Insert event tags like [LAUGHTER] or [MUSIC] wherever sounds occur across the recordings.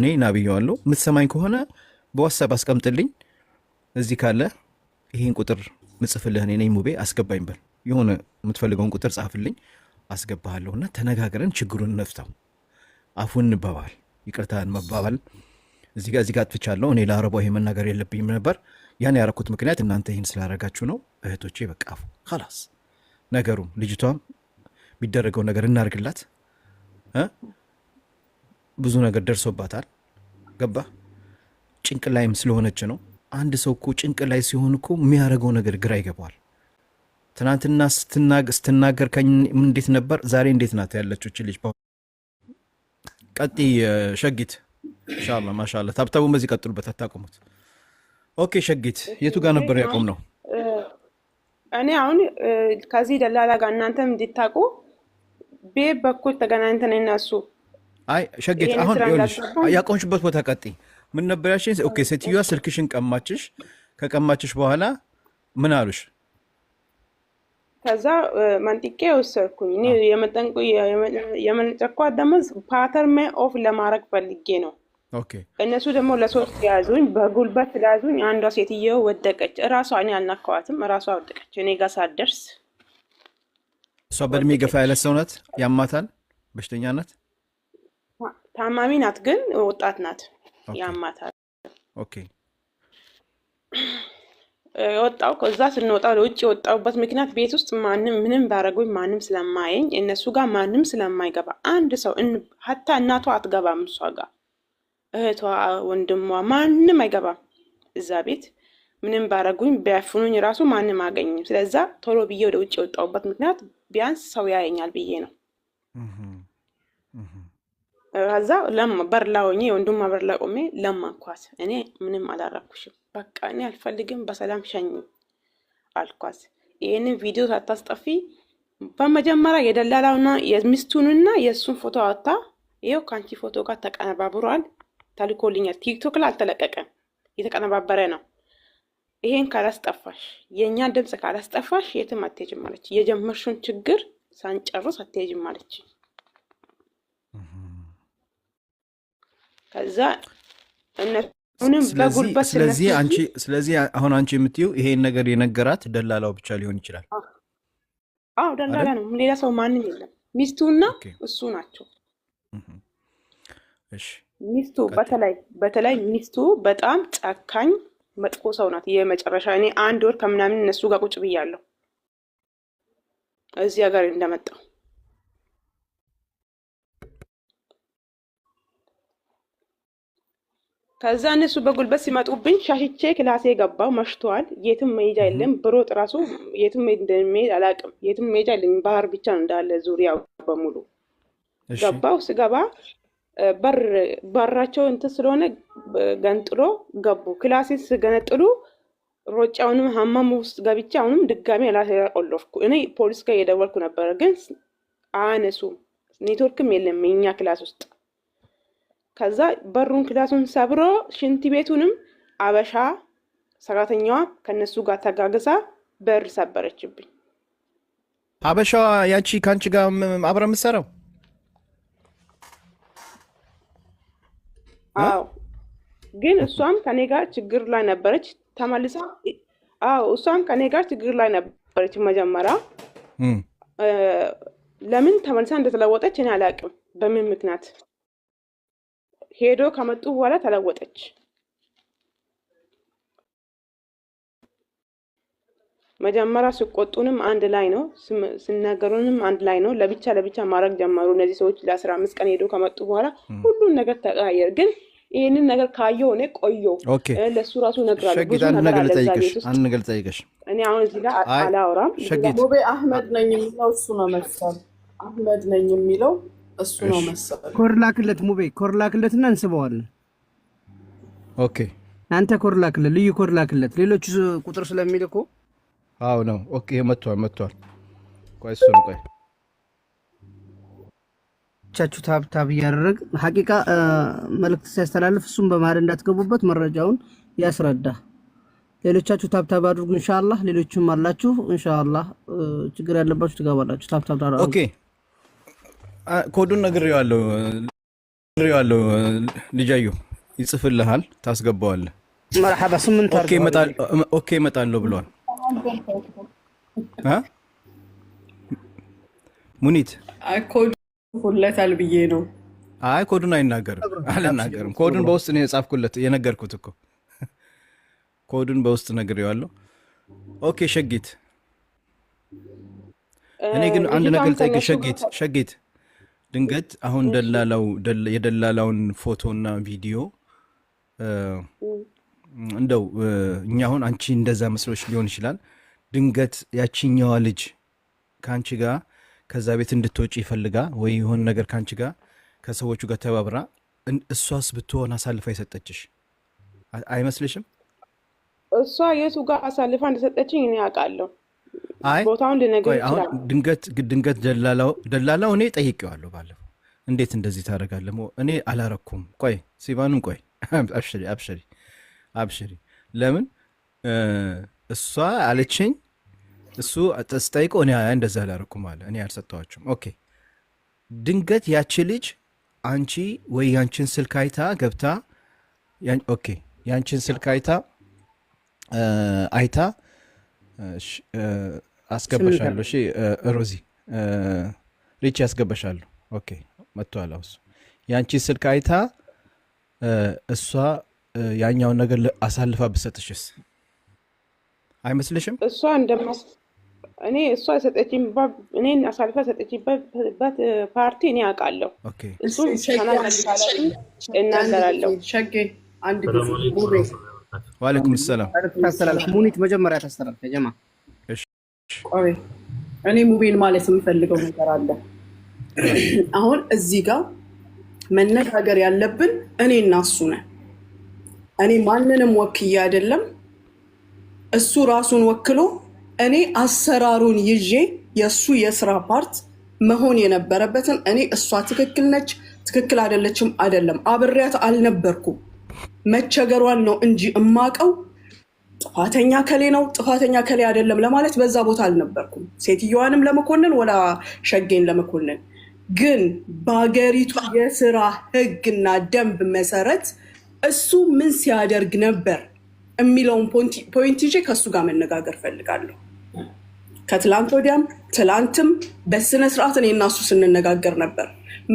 እኔ ና ብየዋለሁ። የምትሰማኝ ከሆነ በዋትሳፕ አስቀምጥልኝ። እዚህ ካለ ይህን ቁጥር ምጽፍልህ እኔ ነኝ ሙቤ አስገባኝ በል። የሆነ የምትፈልገውን ቁጥር ጻፍልኝ እና ተነጋግረን ችግሩን እንፍታው። አፉን እንባባል፣ ይቅርታን መባባል እዚህ ጋር እዚህ ጋር አጥፍቻለሁ እኔ ለአረቧ ይሄ መናገር የለብኝም ነበር። ያን ያረኩት ምክንያት እናንተ ይህን ስላደረጋችሁ ነው እህቶቼ። በቃ አፉ ላስ ነገሩም ልጅቷም የሚደረገው ነገር እናርግላት ብዙ ነገር ደርሶባታል። ገባ ጭንቅ ላይም ስለሆነች ነው። አንድ ሰው እኮ ጭንቅ ላይ ሲሆን እኮ የሚያደርገው ነገር ግራ ይገባዋል። ትናንትና ስትናገር ከኝ እንዴት ነበር፣ ዛሬ እንዴት ናት ያለችች ልጅ። ቀጢ ሸጊት ማሻላ ማሻላ። ታብታቡ በዚህ ቀጥሉበት፣ አታቆሙት። ኦኬ ሸጊት፣ የቱ ጋር ነበር ያቆም ነው? እኔ አሁን ከዚህ ደላላ ጋር እናንተም እንዲታቁ ቤት በኩል ተገናኝተን እነሱ አይ ሸጌት፣ አሁን ያቆምሽበት ቦታ ቀጥይ። ምን ነበር ያልሽኝ? ኦኬ፣ ሴትዮዋ ስልክሽን ቀማችሽ። ከቀማችሽ በኋላ ምን አሉሽ? ከዛ መንጥቄ ወሰድኩኝ። እኔ የመጠንቁ የመነጨኳት ደግሞ ፓተርን ኦፍ ለማድረግ ፈልጌ ነው። እነሱ ደግሞ ለሶስት ያዙኝ፣ በጉልበት ያዙኝ። አንዷ ሴትዮ ወደቀች። እራሷ እኔ አልነካዋትም፣ እራሷ ወደቀች። እኔ ጋር ሳደርስ እሷ በእድሜ ገፋ ያለ ሰው ናት፣ ያማታል፣ በሽተኛ ናት። ታማሚ ናት፣ ግን ወጣት ናት። ያማታል። ኦኬ ከዛ ስንወጣ ለውጭ የወጣውበት ምክንያት ቤት ውስጥ ማንም ምንም ባረጉኝ ማንም ስለማየኝ እነሱ ጋር ማንም ስለማይገባ አንድ ሰው ሀታ እናቷ አትገባም፣ እሷ ጋር እህቷ፣ ወንድሟ ማንም አይገባም። እዛ ቤት ምንም ባረጉኝ ቢያፍኑኝ ራሱ ማንም አገኝም። ስለዛ ቶሎ ብዬ ወደ ውጭ የወጣውበት ምክንያት ቢያንስ ሰው ያየኛል ብዬ ነው። ከዛ በርላ ሆኜ የወንዱማ በርላ ቆሜ ለማኳት። እኔ ምንም አላረኩሽም፣ በቃ እኔ አልፈልግም፣ በሰላም ሸኝ አልኳት። ይህንን ቪዲዮ ሳታስጠፊ በመጀመሪያ የደላላውና የሚስቱንና የእሱን ፎቶ አወጣ። ይኸው ከአንቺ ፎቶ ጋር ተቀነባብሯል፣ ተልኮልኛል። ቲክቶክ ላይ አልተለቀቀም፣ የተቀነባበረ ነው። ይሄን ካላስጠፋሽ፣ የእኛ ድምፅ ካላስጠፋሽ የትም አትሄጅም አለች። የጀመርሽውን ችግር ሳንጨርስ አትሄጅም ከዛ እነሱንም በጉልበት ስለዚህ አንቺ ስለዚህ አሁን አንቺ የምትይው ይሄን ነገር የነገራት ደላላው ብቻ ሊሆን ይችላል። አዎ ደላላ ነው፣ ሌላ ሰው ማንም የለም። ሚስቱና እሱ ናቸው። ሚስቱ በተለይ በተለይ ሚስቱ በጣም ጨካኝ መጥፎ ሰው ናት። የመጨረሻ እኔ አንድ ወር ከምናምን እነሱ ጋር ቁጭ ብያለሁ እዚህ ሀገር እንደመጣው ከዛ እነሱ በጉልበት ሲመጡብኝ ሻሽቼ ክላሴ ገባው። መሽተዋል የትም መሄጃ የለም። ብሮጥ ራሱ የትም እንደሚሄድ አላውቅም። የትም መሄጃ የለም። ባህር ብቻ እንዳለ ዙሪያው በሙሉ ገባው። ስገባ በር በራቸው እንትን ስለሆነ ገንጥሎ ገቡ። ክላሴ ስገነጥሉ ሮጬ አሁንም ሀማም ውስጥ ገብቼ አሁንም ድጋሚ ላሴ ቆለፍኩ። እኔ ፖሊስ ጋር እየደወልኩ ነበረ፣ ግን አያነሱም። ኔትወርክም የለም የኛ ክላስ ውስጥ ከዛ በሩን ክላሱን ሰብሮ ሽንት ቤቱንም አበሻ ሰራተኛዋ ከነሱ ጋር ተጋግዛ በር ሰበረችብኝ። አበሻዋ ያቺ ከአንቺ ጋር አብረ የምትሰራው? አዎ። ግን እሷም ከኔ ጋር ችግር ላይ ነበረች። ተመልሳ አዎ፣ እሷም ከኔ ጋር ችግር ላይ ነበረች መጀመሪያ። ለምን ተመልሳ እንደተለወጠች እኔ አላውቅም፣ በምን ምክንያት ሄዶ ከመጡ በኋላ ተለወጠች። መጀመሪያ ሲቆጡንም አንድ ላይ ነው፣ ሲናገሩንም አንድ ላይ ነው። ለብቻ ለብቻ ማድረግ ጀመሩ። እነዚህ ሰዎች ለአስራ አምስት ቀን ሄዶ ከመጡ በኋላ ሁሉን ነገር ተቀያየር። ግን ይህንን ነገር ካየው እኔ ቆየው ለእሱ ራሱ እነግራለሁ። ነገር ልጠይቅሽ። እኔ አሁን እዚህ ጋር አላወራም። ሙቤ አህመድ ነኝ የሚለው እሱ ነው መሰል አህመድ ነኝ የሚለው እሱ ነው መሰለኝ። ኮርላክለት ሙቤ ኮርላክለት እና እንስበዋለን። ኦኬ አንተ ኮርላክለት ልዩ ኮርላክለት ሌሎቹ ቁጥር ስለሚልኩ አዎ ነው። ኦኬ መጥቷል መጥቷል። ቆይ እሱን ቆይ ቻችሁ ታብ ታብ እያደረግ ሀቂቃ መልእክት ሲያስተላልፍ እሱም በመሀል እንዳትገቡበት መረጃውን ያስረዳ። ሌሎቻችሁ ታብታብ አድርጉ። እንሻላ ሌሎችም አላችሁ። እንሻላ ችግር ያለባችሁ ትገባላችሁ። ታብታብ ኦኬ ኮዱን ነግሬዋለሁ ነግሬዋለሁ። ልጃዩ ይጽፍልሃል፣ ታስገባዋለህ። መርሓባ ስምንት ኦኬ እመጣለሁ ብለዋል። ሙኒት ሁለታል ብዬ ነው። አይ ኮዱን አይናገርም፣ አልናገርም። ኮዱን በውስጥ ነው የጻፍኩለት የነገርኩት እኮ ኮዱን በውስጥ ነግሬዋለሁ። ኦኬ ሸጊት፣ እኔ ግን አንድ ነገር ልጠይቅሽ ሸጊት ሸጊት ድንገት አሁን ደላላው የደላላውን ፎቶና ቪዲዮ እንደው እኛ አሁን አንቺ እንደዛ መስሎች ሊሆን ይችላል። ድንገት ያቺኛዋ ልጅ ከአንቺ ጋር ከዛ ቤት እንድትወጪ ይፈልጋ ወይ የሆነ ነገር ከአንቺ ጋር ከሰዎቹ ጋር ተባብራ እሷስ ብትሆን አሳልፋ የሰጠችሽ አይመስልሽም? እሷ የቱ ጋር አሳልፋ እንደሰጠችኝ እኔ አውቃለሁ። አይ ቦታውን ልነግርህ ይችላል። ድንገት ድንገት ደላላው እኔ ጠይቄዋለሁ ባለፈው፣ እንዴት እንደዚህ ታደርጋለህ? እኔ አላረኩም። ቆይ ሲባንም ቆይ [LAUGHS] አብሽሪ አብሽሪ አብሽሪ። ለምን እሷ አለችኝ። እሱ ስጠይቀው እኔ እንደዚህ አላረኩም አለ። እኔ አልሰጠዋቸውም ኦኬ ድንገት ያቺ ልጅ አንቺ ወይ ያንቺን ስልክ አይታ ገብታ ኦኬ ያንቺን ስልክ አይታ አይታ አስገበሻለሁ። እሺ ሮዚ ሪቺ ያስገበሻለሁ። ኦኬ መጥቷል። አሁን የአንቺ ስልክ አይታ እሷ ያኛውን ነገር አሳልፋ ብሰጥሽስ አይመስልሽም? እሷ እንደማስ እኔ እሷ የሰጠችባት እኔን አሳልፋ የሰጠችበት ፓርቲ እኔ አውቃለሁ። እሱ እናገራለሁ። ሸጌ አንድ ጊዜ ዋለይኩም ሰላም። ሙኒት መጀመሪያ ታስተላል። ጀማ እኔ ሙቤን ማለት የምፈልገው ነገር አለ። አሁን እዚህ ጋር መነጋገር ያለብን እኔ እና እሱ ነን። እኔ ማንንም ወክዬ አይደለም፣ እሱ ራሱን ወክሎ እኔ አሰራሩን ይዤ የእሱ የስራ ፓርት መሆን የነበረበትን እኔ እሷ ትክክል ነች ትክክል አይደለችም አይደለም አብሬያት አልነበርኩም መቸገሯን ነው እንጂ እማቀው ጥፋተኛ ከሌ ነው ጥፋተኛ ከሌ አይደለም ለማለት በዛ ቦታ አልነበርኩም። ሴትዮዋንም ለመኮንን ወላ ሸጌን ለመኮንን ግን በሀገሪቱ የስራ ህግና ደንብ መሰረት እሱ ምን ሲያደርግ ነበር የሚለውን ፖይንት ይዤ ከእሱ ጋር መነጋገር ፈልጋለሁ። ከትላንት ወዲያም ትላንትም በስነ ስርዓት እኔ እና እሱ ስንነጋገር ነበር።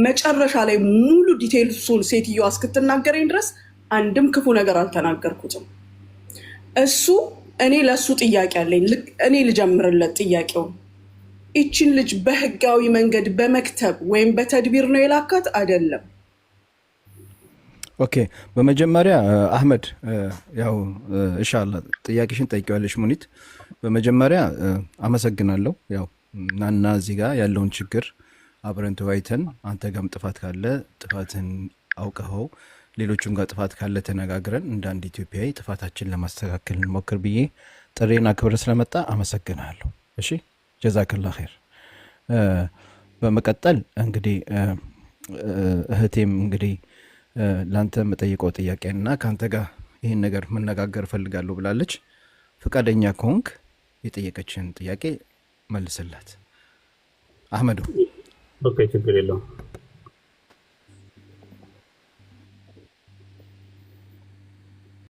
መጨረሻ ላይ ሙሉ ዲቴይልሱን ሴትዮዋ እስክትናገረኝ ድረስ አንድም ክፉ ነገር አልተናገርኩትም። እሱ እኔ ለእሱ ጥያቄ አለኝ። እኔ ልጀምርለት ጥያቄውን። ይችን ልጅ በህጋዊ መንገድ በመክተብ ወይም በተድቢር ነው የላካት አይደለም። ኦኬ፣ በመጀመሪያ አህመድ ያው እሻላ ጥያቄሽን ጠይቂዋለሽ ሙኒት። በመጀመሪያ አመሰግናለሁ። ያው እናና እዚህ ጋር ያለውን ችግር አብረን ተወያይተን አንተ ጋም ጥፋት ካለ ጥፋትን አውቀኸው ሌሎችም ጋር ጥፋት ካለ ተነጋግረን እንደ አንድ ኢትዮጵያዊ ጥፋታችን ለማስተካከል እንሞክር ብዬ ጥሬን አክብረ ስለመጣ አመሰግናለሁ። እሺ ጀዛክላ ኸይር። በመቀጠል እንግዲህ እህቴም እንግዲህ ለአንተ የምጠይቀው ጥያቄና ከአንተ ጋር ይህን ነገር መነጋገር እፈልጋለሁ ብላለች። ፈቃደኛ ከሆንክ የጠየቀችን ጥያቄ መልስላት አህመዱ። ችግር የለውም።